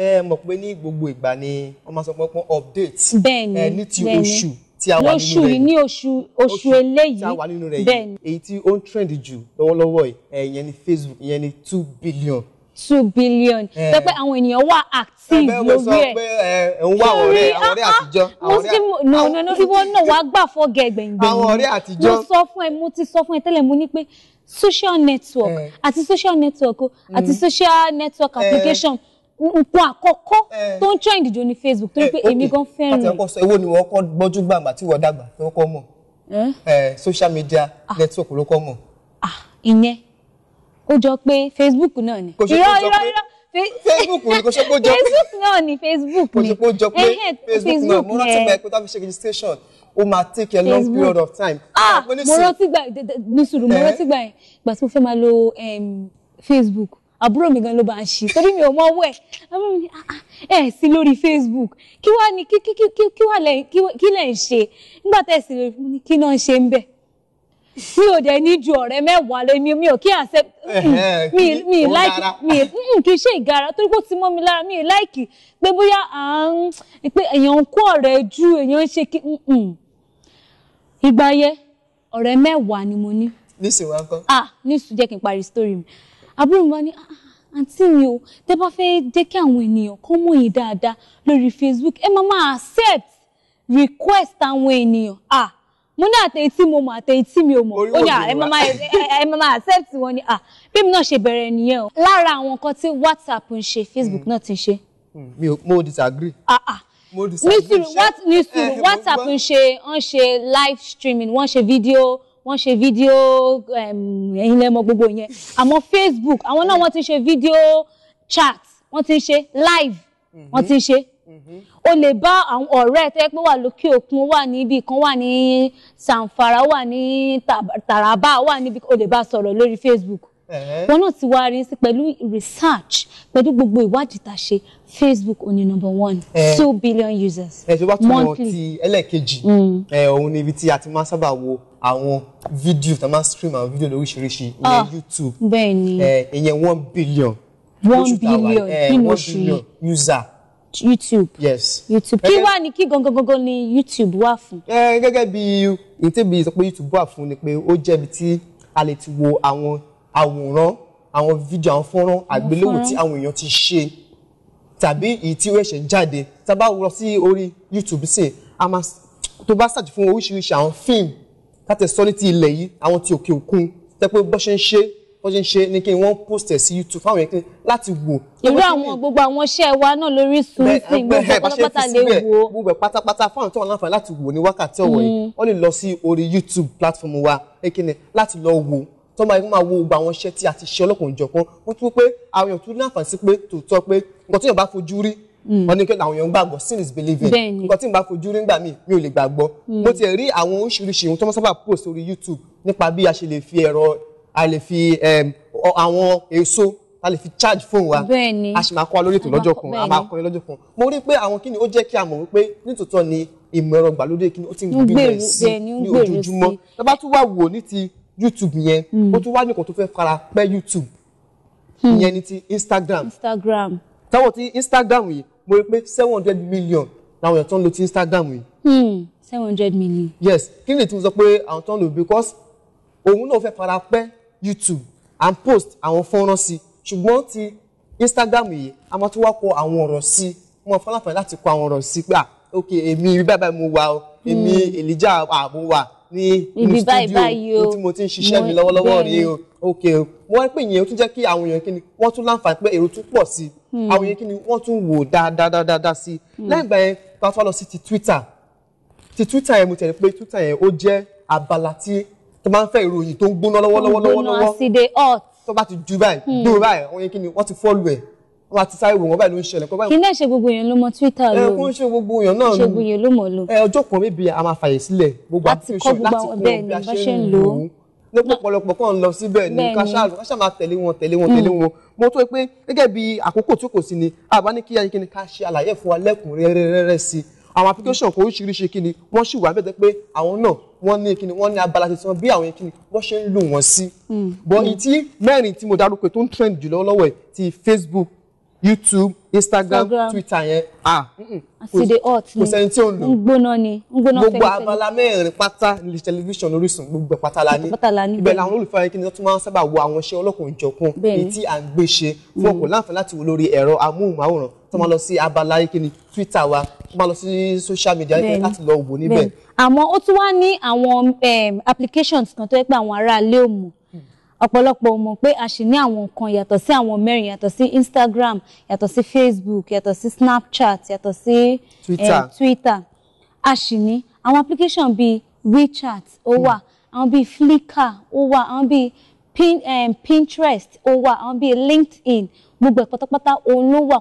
ẹ mọ̀ pé ní gbogbo ìgbà ni wọ́n máa sọ pé pọ́n update bẹ́ẹ̀ni ní ti oṣù tí a wà nínú rẹ̀ lóṣù ní oṣù oṣù eléyìí tí a wà nínú rẹ̀ yìí èyí tí ó ń trend jù lọ́wọ́lọ́wọ́ ìyẹn ni Facebook ìyẹn ni two billion two billion. sọ pé àwọn ènìyàn wà active lórí ẹ. ẹ ẹ ah, ah, mo ti no no no ìwọ náà wàá gbà fọ́ gẹ̀gbẹ̀ngbẹ̀. àwọn ọ̀rẹ́ àtijọ́. mo sọ fún ẹ mo ti sọ fún ẹ tẹ́lẹ̀ mo ní pé social network àti social network àti mm-hmm. social network application nǹkan àkọ́kọ́ eh. tó ń trend jù ní Facebook torí pé eh, èmi gan fẹ́ràn rẹ̀. àti èwo ni wọ́n kọ́ gbọ́jú gbàgbà tí wọ́n dàgbà tó kọ́ mọ̀ eh? social media ah. network ló kọ́ mọ̀. Ah, ìyẹn ó jọ pé Facebook náà ni. irọ́ irọ́ irọ́ Facebook ni kò ṣe kó jọ pé Facebook náà ni Facebook ni kò ṣe kó jọ pé Facebook náà mo rántí gba ẹ̀kọ́ tá a fi ṣe registration ó máa take a long period of time. Ah, mo rántí gba ní sùúrù mo rántí gba ẹ̀ gbà tí mo fẹ́ máa lo Facebook àbúrò mi gan ló bá ń ṣe torí mi ò mọ owó ẹ àbúrò mi ah, ah, ẹ sí lórí Facebook kí wàá ní kí kí kí kí wàá lẹ kí lẹ ń ṣe nígbà tẹ sí lórí fún mi kí náà ṣe ń bẹ mi ò dẹ ní ju ọ̀rẹ́ mẹ́wàá lọ mi ò kí àṣẹ mm, mi mi láìkì mi mm, kì í ṣe ìgara torí pé ó ti mọ́ mi lára mi láìkì pé bóyá à ń pé èèyàn ń kó ọ̀rẹ́ ju èèyàn ń ṣe kí ìgbà yẹ ọ̀rẹ́ mẹ́wàá ni mo ní. nísìnyí wá kọ́. ah nísìnyí jẹ́ kí n parí story mi àbúrò mi bá ní ah, àǹtí mi o tẹ bá fẹ́ jẹ́ kí àwọn ènìyàn kọ́ mọ̀ yín dáadáa lórí Facebook ẹ máa máa accept request àwọn ènìyàn ah mo ní àtẹ etí mo mọ àtẹ etí mi ò mọ ó ní ẹ máa máa accept wọn ni ah bí mi náà ṣe bẹ̀rẹ̀ nìyẹn o lára àwọn nǹkan tí WhatsApp ń ṣe Facebook náà ti ṣe. Hmm, hmm, mi ò mo disagree. ah ah mo disagree. nísìrò eh, WhatsApp ń ṣe ń ṣe live streaming wọ́n ṣe fídíò wọ́n ṣe fídíò ẹ̀yin lẹ́mọ gbogbo yẹn àmọ́ Facebook àwọn náà wọ́n ti ṣe fídíò chat wọ́n ti ṣe live wọ́n ti ṣe o lè bá àwọn ọ̀rẹ́ tẹ́ pé wà lókè òkun wà níbi kan wà ní Zamfara wà ní Taraba wà níbi o lè bá sọ̀rọ̀ lórí Facebook wọn náà ti wá rí sí pẹ̀lú research pẹ̀lú gbogbo ìwádìí tá a ṣe Facebook ó number one two billion users monthly. ẹ ṣe wá tún lọ ti ẹlẹ́ẹ̀kejì mm. òun ni ibi tí a ti máa sábà wo àwọn fídíò tá a máa ń stream àwọn fídíò lóríṣiríṣi ìyẹn ah, YouTube eh, ìyẹn one billion one billion nínú oṣù yìí user. YouTube. Yes. YouTube. Kí wá ní kí gangan ni YouTube wà fún? Ẹ eh, gẹ́gẹ́ bí ìtẹ́bi sọ YouTube wà fún ni pé ó jẹ́ ibi tí a lè ti wo àwọn àwòrán, àwọn fídíò, àwọn fọ́nrán àgbéléwò tí àwọn èèyàn ti ṣe tàbí èyí tí ó ṣẹ̀ jáde. Tá a bá lọ sí orí YouTube sí, a máa tó bá search fún oríṣiríṣi àwọn fíìmù káàtẹ sọ ní ti ilẹ̀ yìí àwọn ti òkè òkun tẹ pé bó ṣe ń ṣe bó ṣe ń ṣe ni kí wọ́n post ẹ̀ sí YouTube fáwọn yẹn láti wò. irú àwọn gbogbo àwọn iṣẹ́ wa náà lórí Orísun gbogbo pátápátá lè wò. gbogbo pátápátá fáwọn tó wà láǹfààní láti wò ní wákàtí ọ̀wọ̀ yìí mm. wọ́n lè lọ sí orí YouTube platform wa ekene láti lọ wò tó máa máa wo gbogbo àwọn iṣẹ́ tí a ti ṣe ọlọ́kùnrin jọ̀kan wọ́n tún pé àwọn èèyàn tún láǹfààní sí pé tòótọ́ pé nǹkan tí èèyàn bá fojú rí Mm. wọ́n ní pé àwọn èèyàn gbàgbọ́ sin is believing nǹkan tí n bá fojú rí ńgbà míì mi ò lè gbàgbọ́ mm. mo ti rí àwọn oríṣiríṣi ohun tó wọ́n sábà post orí YouTube nípa bí a ṣe lè fi ẹ̀rọ a lè fi àwọn èso a lè fi charge fóònù wa a sì máa kọ́ wa lórí ètò lọ́jọ́ kan a máa kọ́ yín lọ́jọ́ kan mo rí pé àwọn kíni ó jẹ́ kí a mọ̀ wípé nítòótọ́ ni ìmọ̀ ẹ̀rọ gbàlódé kíni ó ti ń gbèrú sí ní ojoojúmọ́ tó bá tún wà wò ní ti YouTube yẹn mm. ó tún wá nìkan tó fẹ́ fara pẹ́ YouTube hmm. ìyẹn ní ti Instagram Instagram táwọn ti Instagram yìí mo rí pé seven hundred million làwọn èèyàn tó ń lo ti Instagram yìí. Hmm, seven hundred million. yes kí ni ìtumọ̀ sọ pé àwọn tó ń lò because òun náà fẹ́ fara pẹ́ YouTube and post àwọn fọ́nrán sí ṣùgbọ́n ti Instagram yìí a máa tún wá kọ àwọn ọ̀rọ̀ sí wọn fọláfẹ́ láti kọ àwọn ọ̀rọ̀ sí pé ah ok èmi báyìí báyìí mo wà o èmi hmm. Elijah àbò ah, wà ní ní studio tí mo ti ń ṣiṣẹ́ mi lọ́wọ́lọ́wọ́ rí o ok wọ́n pè yẹn ó tún jẹ́ kí àwọn èèyàn kí ni wọ́n tún láǹfààní pé èrò tún pọ̀ sí i Hmm. àwọn yẹn kí ni wọ́n tún wò dáadáa sí hmm. lẹ́yìn ìgbà yẹn bá fọ́ lọ sí ti Twitter ti Twitter yẹn mo tẹ̀lé pé Twitter yẹn ó jẹ́ abala tí tó máa ń fẹ́ ìròyìn tó ń gbóná lọ́wọ́lọ́wọ́ tó bá ti ju báyìí gbó hmm. báyìí àwọn yẹn kí ni wọ́n ti fọ́ọ̀lù ẹ̀ wọ́n ti sáré wò wọ́n báyìí ló ń ṣẹlẹ̀ kọ́ báyìí. kì í náà ṣe gbogbo èèyàn ló mọ Twitter lò ó ṣe gbogbo èèyàn náà ṣe gbogbo èèyàn ló mọ lò. ọjọ́ kan mi bi a máa fàyè sílẹ̀ gbogbo àti kọ́ gbogbo àwọn bẹ́ẹ̀ ni bá ṣe ń lò ó ló pọ̀pọ̀lọpọ̀ kàn lọ síbẹ̀ ní káṣáàlù káṣá máa tẹ̀lé wọn tẹ̀lé wọn tẹ̀lé hmm. wọn mo tó pé gẹ́gẹ́ bí àkókò tí kò sí ni àbá ní kíyá kíni ká ṣe àlàyé fún wa lẹ́kùnrẹ́rẹ́rẹ́ sí àwọn application kan oríṣiríṣi kíni wọ́n sì wà bẹ́ẹ̀ pé àwọn náà wọ́n ní kíni wọ́n ní abala ti wọn bí àwọn kíni wọ́n ṣe ń lò wọ́n sí. Hmm. bọ̀ ìtí mẹ́rin tí mo dárúkọ tó ń trend jùlọ lọ́wọ́ ẹ̀ ti Facebook youtube instagram, instagram. twitter yẹn ah àsìdè hot ni kò sẹ́ni tí ò ń lò ń gbóná ni ń gbóná fẹ́lẹ́fẹ́lẹ́ gbogbo abala mẹ́rin pátá ní tẹlifíṣàn Orísun gbogbo pátá la ní ibẹ̀ làwọn olùfẹ́ ayé kí ni wọ́n tún máa ń sábà wo àwọn iṣẹ́ ọlọ́kùnrin-jọ̀kan èyí tí à ń gbé ṣe fún ọ̀pọ̀ mm. láǹfààní láti wò lórí ẹ̀rọ amóhùnmáwòrán tó máa lọ sí abala ayé kí ni twitter wa tó máa lọ sí social media ayé láti lọ wò níbẹ̀. àmọ́ ó tún wá ní àwọn applications kan tó yẹ pé àwọn aráalé ò mọ̀ ọ̀pọ̀lọpọ̀ ò mọ̀ pé a sì ní àwọn nǹkan yàtọ̀ sí àwọn mẹ́rin yàtọ̀ sí Instagram yàtọ̀ sí Facebook yàtọ̀ sí Snapchat yàtọ̀ sí eh, Twitter, Twitter. a sì ní àwọn application bíi WeChat ó wà hmm. àwọn bíi Flickr ó wà àwọn bíi Pin, um, Pinterest ó wà àwọn bíi LinkedIn gbogbo ẹ̀ pátápátá òun ló wà